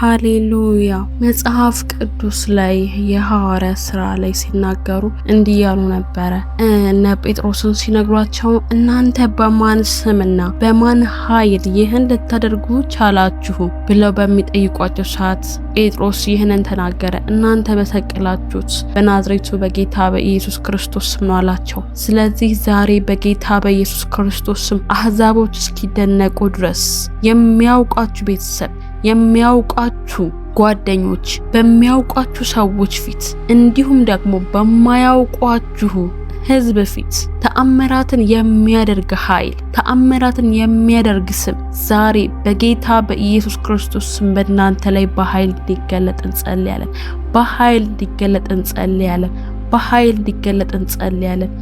ሃሌሉያ። መጽሐፍ ቅዱስ ላይ የሐዋርያ ስራ ላይ ሲናገሩ እንዲህ ያሉ ነበረ። እነ ጴጥሮስን ሲነግሯቸው እናንተ በማን ስምና በማን ኃይል ይህን ልታደርጉ ቻላችሁ ብለው በሚጠይቋቸው ሰዓት ጴጥሮስ ይህንን ተናገረ። እናንተ በሰቀላችሁት በናዝሬቱ በጌታ በኢየሱስ ክርስቶስ ስም ነው አላቸው። ስለዚህ ዛሬ በጌታ በኢየሱስ ክርስቶስ ስም አሕዛቦች እስኪደነቁ ድረስ የሚያውቋችሁ ቤተሰብ የሚያውቋችሁ ጓደኞች፣ በሚያውቋችሁ ሰዎች ፊት እንዲሁም ደግሞ በማያውቋችሁ ህዝብ ፊት ተአምራትን የሚያደርግ ኃይል ተአምራትን የሚያደርግ ስም ዛሬ በጌታ በኢየሱስ ክርስቶስ ስም በእናንተ ላይ በኃይል እንዲገለጥ እንጸልያለን። በኃይል እንዲገለጥ እንጸልያለን። በኃይል እንዲገለጥ እንጸልያለን።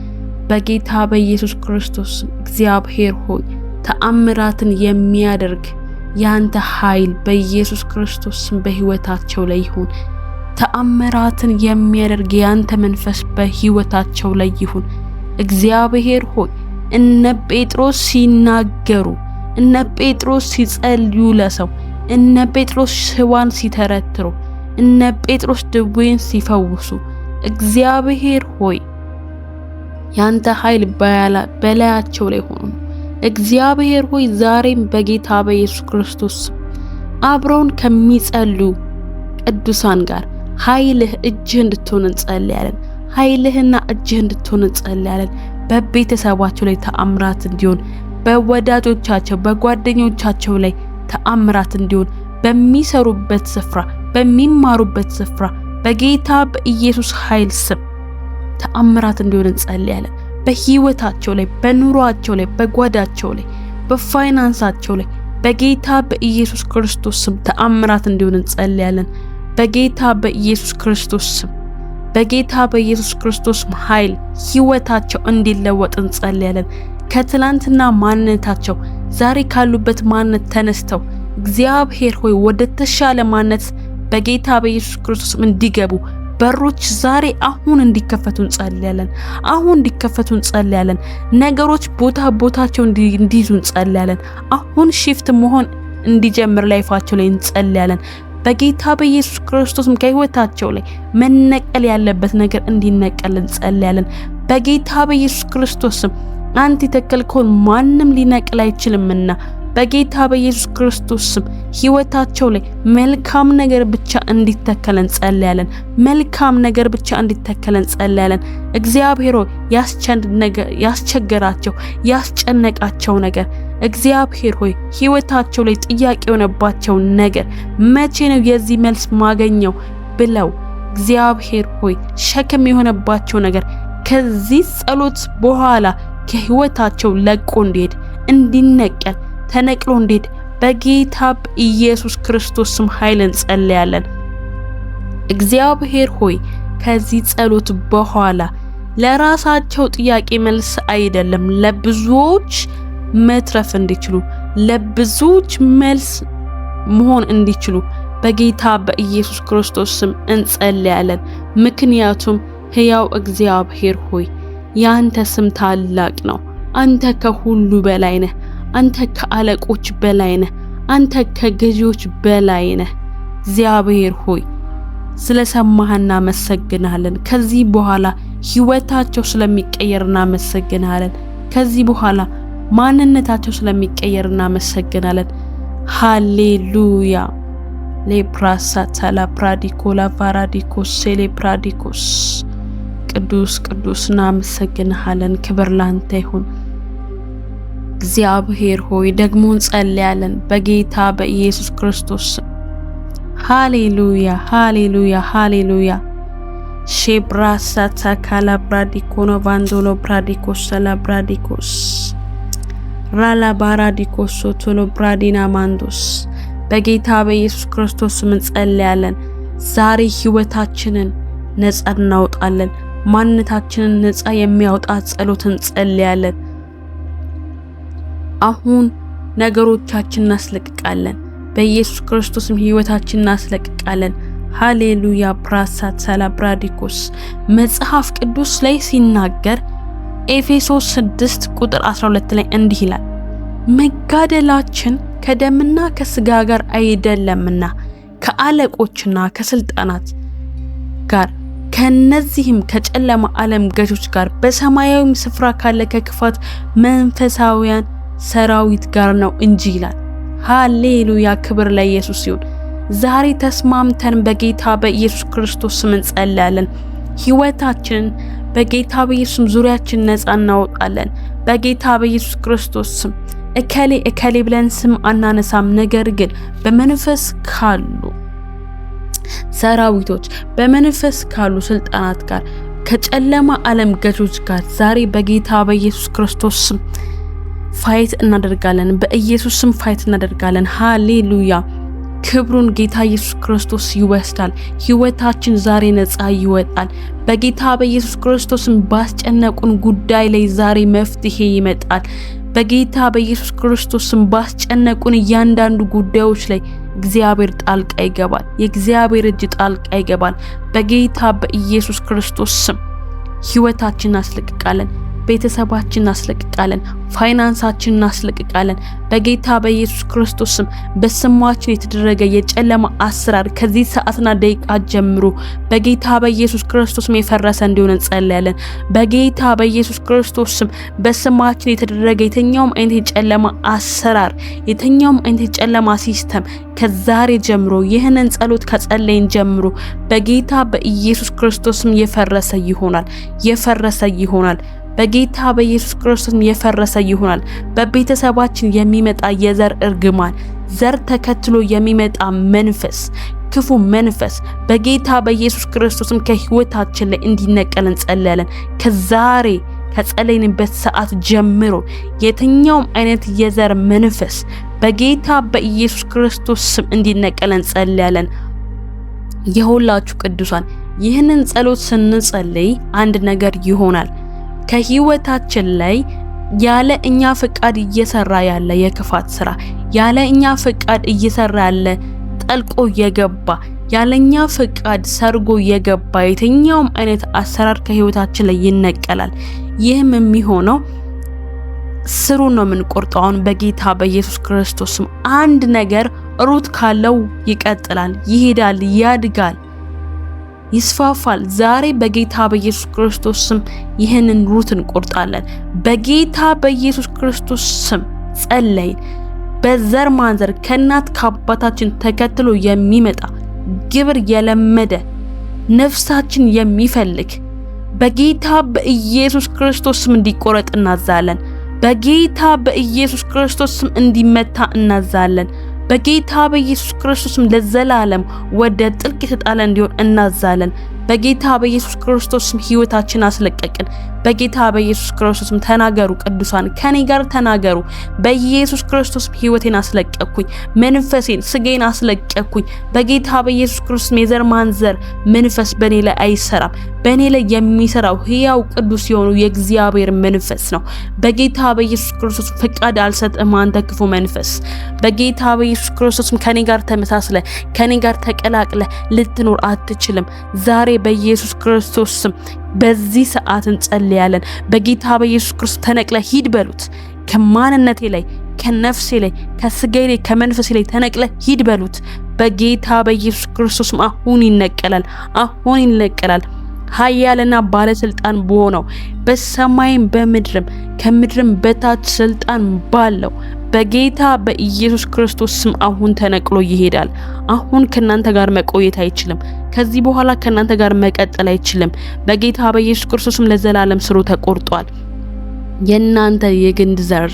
በጌታ በኢየሱስ ክርስቶስ እግዚአብሔር ሆይ ተአምራትን የሚያደርግ ያንተ ኃይል በኢየሱስ ክርስቶስ ስም ላይ ይሁን። ተአምራትን የሚያደርግ ያንተ መንፈስ በህይወታቸው ላይ ይሁን። እግዚአብሔር ሆይ እነ ጴጥሮስ ሲናገሩ፣ እነ ጴጥሮስ ሲጸልዩ ለሰው እነ ጴጥሮስ ሽባን ሲተረትሩ፣ እነ ጴጥሮስ ድዌን ሲፈውሱ እግዚአብሔር ሆይ ያንተ ኃይል በላያቸው ላይ ሆኑ። እግዚአብሔር ሆይ ዛሬም በጌታ በኢየሱስ ክርስቶስ አብረውን ከሚጸሉ ቅዱሳን ጋር ኃይልህ እጅህ እንድትሆን እንጸልያለን። ኃይልህና እጅህ እንድትሆን እንጸልያለን። በቤተሰባቸው ላይ ተአምራት እንዲሆን፣ በወዳጆቻቸው በጓደኞቻቸው ላይ ተአምራት እንዲሆን፣ በሚሰሩበት ስፍራ በሚማሩበት ስፍራ በጌታ በኢየሱስ ኃይል ስም ተአምራት እንዲሆን እንጸልያለን። በህይወታቸው ላይ፣ በኑሯቸው ላይ፣ በጓዳቸው ላይ፣ በፋይናንሳቸው ላይ በጌታ በኢየሱስ ክርስቶስ ስም ተአምራት እንዲሆን እንጸልያለን። በጌታ በኢየሱስ ክርስቶስ ስም በጌታ በኢየሱስ ክርስቶስ ኃይል ህይወታቸው እንዲለወጥ እንጸልያለን። ከትላንትና ማንነታቸው ዛሬ ካሉበት ማንነት ተነስተው እግዚአብሔር ሆይ ወደ ተሻለ ማንነት በጌታ በኢየሱስ ክርስቶስም እንዲገቡ በሮች ዛሬ አሁን እንዲከፈቱ እንጸልያለን። አሁን እንዲከፈቱ እንጸልያለን። ነገሮች ቦታ ቦታቸው እንዲይዙ እንጸልያለን። አሁን ሺፍት መሆን እንዲጀምር ላይፋቸው ላይ እንጸልያለን። በጌታ በኢየሱስ ክርስቶስም ከህይወታቸው ላይ መነቀል ያለበት ነገር እንዲነቀል እንጸልያለን። በጌታ በኢየሱስ ክርስቶስም አንተ የተከልከውን ማንም ሊነቅል አይችልምና በጌታ በኢየሱስ ክርስቶስ ስም ህይወታቸው ላይ መልካም ነገር ብቻ እንዲተከለን ጸልያለን። መልካም ነገር ብቻ እንዲተከለን ጸልያለን። እግዚአብሔር ሆይ ያስቸገራቸው ያስጨነቃቸው ነገር እግዚአብሔር ሆይ ህይወታቸው ላይ ጥያቄ የሆነባቸው ነገር መቼ ነው የዚህ መልስ ማገኘው ብለው እግዚአብሔር ሆይ ሸክም የሆነባቸው ነገር ከዚህ ጸሎት በኋላ ከህይወታቸው ለቆ እንዲሄድ እንዲነቀል ተነቅሎ እንዴት በጌታ ኢየሱስ ክርስቶስ ስም ኃይል እንጸልያለን። እግዚአብሔር ሆይ ከዚህ ጸሎት በኋላ ለራሳቸው ጥያቄ መልስ አይደለም፣ ለብዙዎች መትረፍ እንዲችሉ ለብዙዎች መልስ መሆን እንዲችሉ በጌታ በኢየሱስ ክርስቶስ ስም እንጸልያለን። ምክንያቱም ሕያው እግዚአብሔር ሆይ ያንተ ስም ታላቅ ነው። አንተ ከሁሉ በላይ ነህ። አንተ ከአለቆች በላይ ነህ፣ አንተ ከገዢዎች በላይ ነህ። እግዚአብሔር ሆይ ስለሰማህ እናመሰግናለን። ከዚህ በኋላ ህይወታቸው ስለሚቀየር እናመሰግናለን። ከዚህ በኋላ ማንነታቸው ስለሚቀየር እናመሰግናለን። ሃሌሉያ ፕራዲኮ ፕራዲኮላ ሴሌ ፕራዲኮስ ቅዱስ ቅዱስ እናመሰግንሃለን። ክብር ላንተ ይሁን። እግዚአብሔር ሆይ ደግሞ እንጸልያለን በጌታ በኢየሱስ ክርስቶስ ሃሌሉያ፣ ሃሌሉያ፣ ሃሌሉያ። ሼብራሳ ታካላ ብራዲኮ ነው ቫንዶሎ ብራዲኮ ሰላ ብራዲኮስ ራላ ባራዲኮ ሶቶሎ ብራዲና ማንዶስ በጌታ በኢየሱስ ክርስቶስ እንጸልያለን። ዛሬ ህይወታችንን ነጻ እናውጣለን። ማንነታችንን ነጻ የሚያውጣ ጸሎት እንጸልያለን። አሁን ነገሮቻችን እናስለቅቃለን። በኢየሱስ ክርስቶስም ህይወታችን እናስለቅቃለን። ሃሌሉያ ብራሳት ሰላብራዲኮስ መጽሐፍ ቅዱስ ላይ ሲናገር ኤፌሶስ 6 ቁጥር 12 ላይ እንዲህ ይላል፣ መጋደላችን ከደምና ከስጋ ጋር አይደለምና ከአለቆችና ከስልጣናት ጋር ከነዚህም ከጨለማ ዓለም ገዦች ጋር በሰማያዊም ስፍራ ካለ ከክፋት መንፈሳውያን ሰራዊት ጋር ነው እንጂ ይላል። ሃሌሉያ! ክብር ለኢየሱስ ይሁን። ዛሬ ተስማምተን በጌታ በኢየሱስ ክርስቶስ ስም እንጸልያለን። ህይወታችንን በጌታ በኢየሱስም ዙሪያችን ነፃ እናወጣለን። በጌታ በኢየሱስ ክርስቶስ ስም እከሌ እከሌ ብለን ስም አናነሳም። ነገር ግን በመንፈስ ካሉ ሰራዊቶች በመንፈስ ካሉ ስልጣናት ጋር ከጨለማ ዓለም ገዦች ጋር ዛሬ በጌታ በኢየሱስ ክርስቶስ ስም ፋይት እናደርጋለን። በኢየሱስ ስም ፋይት እናደርጋለን። ሃሌሉያ። ክብሩን ጌታ ኢየሱስ ክርስቶስ ይወስዳል። ህይወታችን ዛሬ ነጻ ይወጣል። በጌታ በኢየሱስ ክርስቶስም ባስጨነቁን ጉዳይ ላይ ዛሬ መፍትሄ ይመጣል። በጌታ በኢየሱስ ክርስቶስም ባስጨነቁን እያንዳንዱ ጉዳዮች ላይ እግዚአብሔር ጣልቃ ይገባል። የእግዚአብሔር እጅ ጣልቃ ይገባል። በጌታ በኢየሱስ ክርስቶስ ስም ህይወታችን አስለቅቃለን። ቤተሰባችን እናስለቅቃለን፣ ፋይናንሳችን እናስለቅቃለን። በጌታ በኢየሱስ ክርስቶስም በስማችን የተደረገ የጨለማ አሰራር ከዚህ ሰዓትና ደቂቃ ጀምሮ በጌታ በኢየሱስ ክርስቶስ የፈረሰ እንዲሆን እንጸልያለን። በጌታ በኢየሱስ ክርስቶስም በስማችን የተደረገ የትኛውም አይነት የጨለማ አሰራር፣ የትኛውም አይነት የጨለማ ሲስተም ከዛሬ ጀምሮ ይህንን ጸሎት ከጸለይን ጀምሮ በጌታ በኢየሱስ ክርስቶስም የፈረሰ ይሆናል፣ የፈረሰ ይሆናል። በጌታ በኢየሱስ ክርስቶስ የፈረሰ ይሆናል። በቤተሰባችን የሚመጣ የዘር እርግማን፣ ዘር ተከትሎ የሚመጣ መንፈስ ክፉ መንፈስ በጌታ በኢየሱስ ክርስቶስም ከህይወታችን ላይ እንዲነቀል እንጸለያለን። ከዛሬ ከጸለይንበት ሰዓት ጀምሮ የትኛውም አይነት የዘር መንፈስ በጌታ በኢየሱስ ክርስቶስ ስም እንዲነቀል እንጸለያለን። የሁላችሁ ቅዱሳን ይህንን ጸሎት ስንጸልይ አንድ ነገር ይሆናል። ከህይወታችን ላይ ያለ እኛ ፍቃድ እየሰራ ያለ የክፋት ስራ፣ ያለ እኛ ፍቃድ እየሰራ ያለ ጠልቆ የገባ ያለኛ ፍቃድ ሰርጎ የገባ የትኛውም አይነት አሰራር ከህይወታችን ላይ ይነቀላል። ይህም የሚሆነው ስሩ ነው የምንቆርጠውን በጌታ በኢየሱስ ክርስቶስም አንድ ነገር ሩት ካለው ይቀጥላል፣ ይሄዳል፣ ያድጋል። ይስፋፋል። ዛሬ በጌታ በኢየሱስ ክርስቶስ ስም ይህንን ሩት እንቆርጣለን። በጌታ በኢየሱስ ክርስቶስ ስም ጸለይን። በዘር ማንዘር ከእናት ከአባታችን ተከትሎ የሚመጣ ግብር የለመደ ነፍሳችን የሚፈልግ በጌታ በኢየሱስ ክርስቶስ ስም እንዲቆረጥ እናዛለን። በጌታ በኢየሱስ ክርስቶስ ስም እንዲመታ እናዛለን። በጌታ በኢየሱስ ክርስቶስም ለዘላለም ወደ ጥልቅ የተጣለ እንዲሆን እናዛለን። በጌታ በኢየሱስ ክርስቶስም ሕይወታችን አስለቀቅን። በጌታ በኢየሱስ ክርስቶስም ተናገሩ። ቅዱሳን ከኔ ጋር ተናገሩ። በኢየሱስ ክርስቶስ ህይወቴን አስለቀኩኝ፣ መንፈሴን ስጌን አስለቀኩኝ። በጌታ በኢየሱስ ክርስቶስ የዘር ማንዘር መንፈስ በኔ ላይ አይሰራም። በእኔ ላይ የሚሰራው ህያው ቅዱስ የሆኑ የእግዚአብሔር መንፈስ ነው። በጌታ በኢየሱስ ክርስቶስ ፍቃድ አልሰጥም አንተ ክፉ መንፈስ። በጌታ በኢየሱስ ክርስቶስም ከኔ ጋር ተመሳስለ ከኔ ጋር ተቀላቅለ ልትኖር አትችልም። ዛሬ በኢየሱስ ክርስቶስ ስም በዚህ ሰዓት እንጸልያለን። በጌታ በኢየሱስ ክርስቶስ ተነቅለ ሂድ በሉት። ከማንነቴ ላይ ከነፍሴ ላይ ከስጋዬ ላይ ከመንፈሴ ላይ ተነቅለ ሂድ በሉት። በጌታ በኢየሱስ ክርስቶስም አሁን ይነቀላል፣ አሁን ይነቀላል። ኃያልና ባለስልጣን በሆነው በሰማይም በምድርም ከምድርም በታች ስልጣን ባለው በጌታ በኢየሱስ ክርስቶስ ስም አሁን ተነቅሎ ይሄዳል። አሁን ከናንተ ጋር መቆየት አይችልም። ከዚህ በኋላ ከናንተ ጋር መቀጠል አይችልም። በጌታ በኢየሱስ ክርስቶስም ለዘላለም ስሩ ተቆርጧል። የናንተ የግንድ ዘር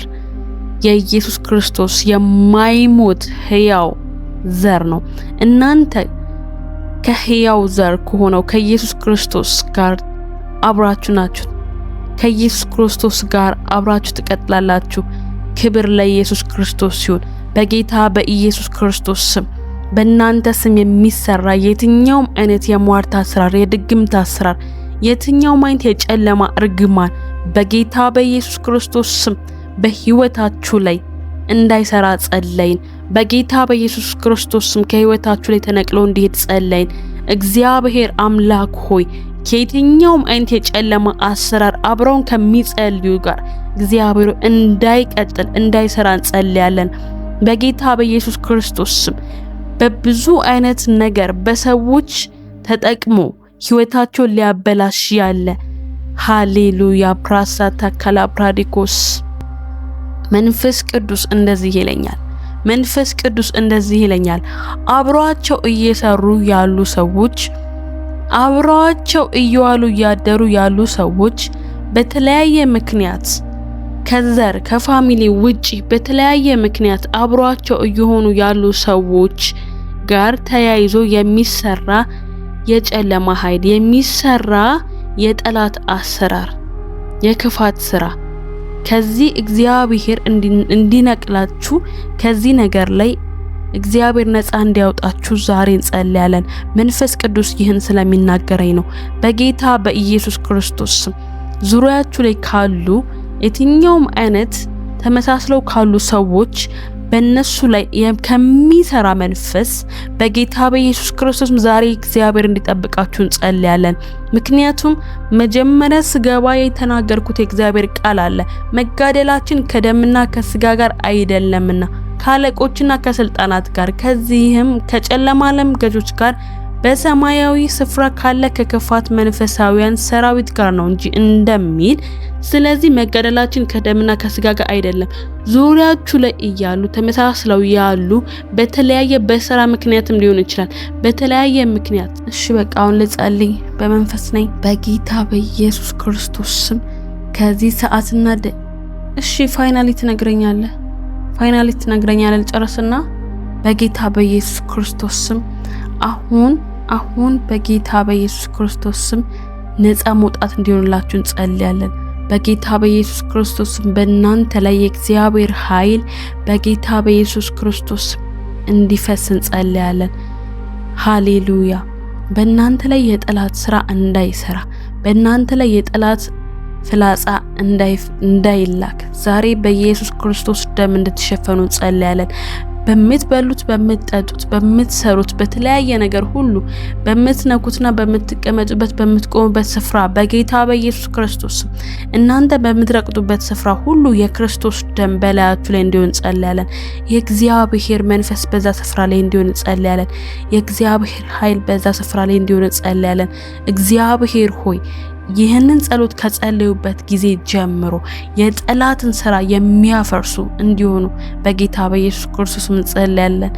የኢየሱስ ክርስቶስ የማይሞት ሕያው ዘር ነው እናንተ ከሕያው ዘር ከሆነው ከኢየሱስ ክርስቶስ ጋር አብራችሁ ናችሁ። ከኢየሱስ ክርስቶስ ጋር አብራችሁ ትቀጥላላችሁ። ክብር ለኢየሱስ ክርስቶስ ሲሆን በጌታ በኢየሱስ ክርስቶስ ስም በእናንተ ስም የሚሰራ የትኛውም አይነት የሟርት አሰራር፣ የድግምት አሰራር፣ የትኛውም አይነት የጨለማ እርግማን በጌታ በኢየሱስ ክርስቶስ ስም በሕይወታችሁ ላይ እንዳይሰራ ጸለይን። በጌታ በኢየሱስ ክርስቶስ ስም ከህይወታችሁ ላይ ተነቅሎ እንዲሄድ ጸለይን። እግዚአብሔር አምላክ ሆይ ከየትኛውም አይነት የጨለማ አሰራር አብረውን ከሚጸልዩ ጋር እግዚአብሔር እንዳይቀጥል እንዳይሰራ እንጸልያለን። በጌታ በኢየሱስ ክርስቶስ ስም በብዙ አይነት ነገር በሰዎች ተጠቅሞ ህይወታቸውን ሊያበላሽ ያለ ሃሌሉያ ፕራሳታ ካላፕራዲኮስ መንፈስ ቅዱስ እንደዚህ ይለኛል መንፈስ ቅዱስ እንደዚህ ይለኛል፣ አብሯቸው እየሰሩ ያሉ ሰዎች አብሯቸው እየዋሉ እያደሩ ያሉ ሰዎች በተለያየ ምክንያት ከዘር ከፋሚሊ ውጪ በተለያየ ምክንያት አብሯቸው እየሆኑ ያሉ ሰዎች ጋር ተያይዞ የሚሰራ የጨለማ ኃይል የሚሰራ የጠላት አሰራር የክፋት ስራ ከዚህ እግዚአብሔር እንዲነቅላችሁ ከዚህ ነገር ላይ እግዚአብሔር ነፃ እንዲያወጣችሁ ዛሬ እንጸልያለን። መንፈስ ቅዱስ ይህን ስለሚናገረኝ ነው። በጌታ በኢየሱስ ክርስቶስ ዙሪያችሁ ላይ ካሉ የትኛውም አይነት ተመሳስለው ካሉ ሰዎች በእነሱ ላይ ከሚሰራ መንፈስ በጌታ በኢየሱስ ክርስቶስም ዛሬ እግዚአብሔር እንዲጠብቃችሁ እንጸልያለን። ምክንያቱም መጀመሪያ ስገባ የተናገርኩት የእግዚአብሔር ቃል አለ፣ መጋደላችን ከደምና ከስጋ ጋር አይደለምና ከአለቆችና ከስልጣናት ጋር ከዚህም ከጨለማ ዓለም ገዦች ጋር በሰማያዊ ስፍራ ካለ ከክፋት መንፈሳዊያን ሰራዊት ጋር ነው እንጂ እንደሚል ስለዚህ መገደላችን ከደምና ከስጋ ጋር አይደለም። ዙሪያችሁ ላይ እያሉ ተመሳስለው ያሉ በተለያየ በስራ ምክንያትም ሊሆን ይችላል። በተለያየ ምክንያት እሺ፣ በቃ አሁን ልጸልይ። በመንፈስ ነኝ። በጌታ በኢየሱስ ክርስቶስ ስም ከዚህ ሰዓትና ደ እሺ፣ ፋይናሊ ትነግረኛለ ፋይናሊ ትነግረኛለ ልጨረስና በጌታ በኢየሱስ ክርስቶስ ስም አሁን አሁን በጌታ በኢየሱስ ክርስቶስ ስም ነፃ መውጣት እንዲሆንላችሁ እንጸልያለን። በጌታ በኢየሱስ ክርስቶስ ስም በእናንተ ላይ የእግዚአብሔር ኃይል በጌታ በኢየሱስ ክርስቶስ እንዲፈስ እንጸልያለን። ሃሌሉያ። በእናንተ ላይ የጠላት ስራ እንዳይሰራ፣ በእናንተ ላይ የጠላት ፍላጻ እንዳይላክ ዛሬ በኢየሱስ ክርስቶስ ደም እንድትሸፈኑ እንጸልያለን። በምትበሉት፣ በምትጠጡት፣ በምትሰሩት በተለያየ ነገር ሁሉ በምትነኩትና በምትቀመጡበት በምትቆሙበት ስፍራ በጌታ በኢየሱስ ክርስቶስ እናንተ በምትረቅጡበት ስፍራ ሁሉ የክርስቶስ ደም በላያችሁ ላይ እንዲሆን እንጸልያለን። የእግዚአብሔር መንፈስ በዛ ስፍራ ላይ እንዲሆን እንጸልያለን። የእግዚአብሔር ኃይል በዛ ስፍራ ላይ እንዲሆን እንጸልያለን። እግዚአብሔር ሆይ ይህንን ጸሎት ከጸለዩበት ጊዜ ጀምሮ የጠላትን ስራ የሚያፈርሱ እንዲሆኑ በጌታ በኢየሱስ ክርስቶስ እንጸልያለን።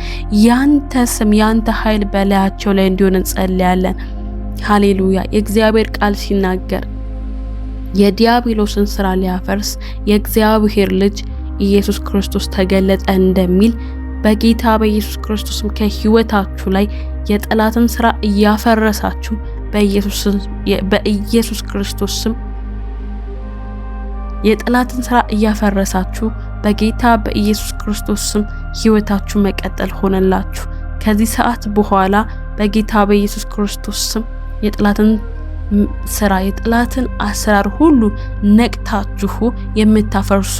ያንተ ስም ያንተ ኃይል በላያቸው ላይ እንዲሆን እንጸልያለን። ሃሌሉያ። የእግዚአብሔር ቃል ሲናገር የዲያብሎስን ስራ ሊያፈርስ የእግዚአብሔር ልጅ ኢየሱስ ክርስቶስ ተገለጠ እንደሚል በጌታ በኢየሱስ ክርስቶስም ከህይወታችሁ ላይ የጠላትን ስራ እያፈረሳችሁ በኢየሱስ ክርስቶስ ስም የጠላትን ሥራ እያፈረሳችሁ በጌታ በኢየሱስ ክርስቶስ ስም ሕይወታችሁ መቀጠል ሆነላችሁ። ከዚህ ሰዓት በኋላ በጌታ በኢየሱስ ክርስቶስ ስም የጠላትን ሥራ የጠላትን አሰራር ሁሉ ነቅታችሁ የምታፈርሱ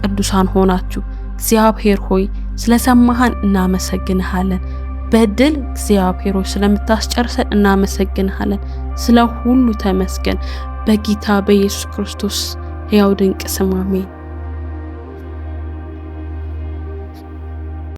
ቅዱሳን ሆናችሁ እግዚአብሔር ሆይ ስለሰማሃን እናመሰግንሃለን። በድል እግዚአብሔር ሆይ ስለምታስጨርሰን እናመሰግንሃለን። ስለ ሁሉ ተመስገን። በጌታ በኢየሱስ ክርስቶስ ሕያው ድንቅ ስም አሜን።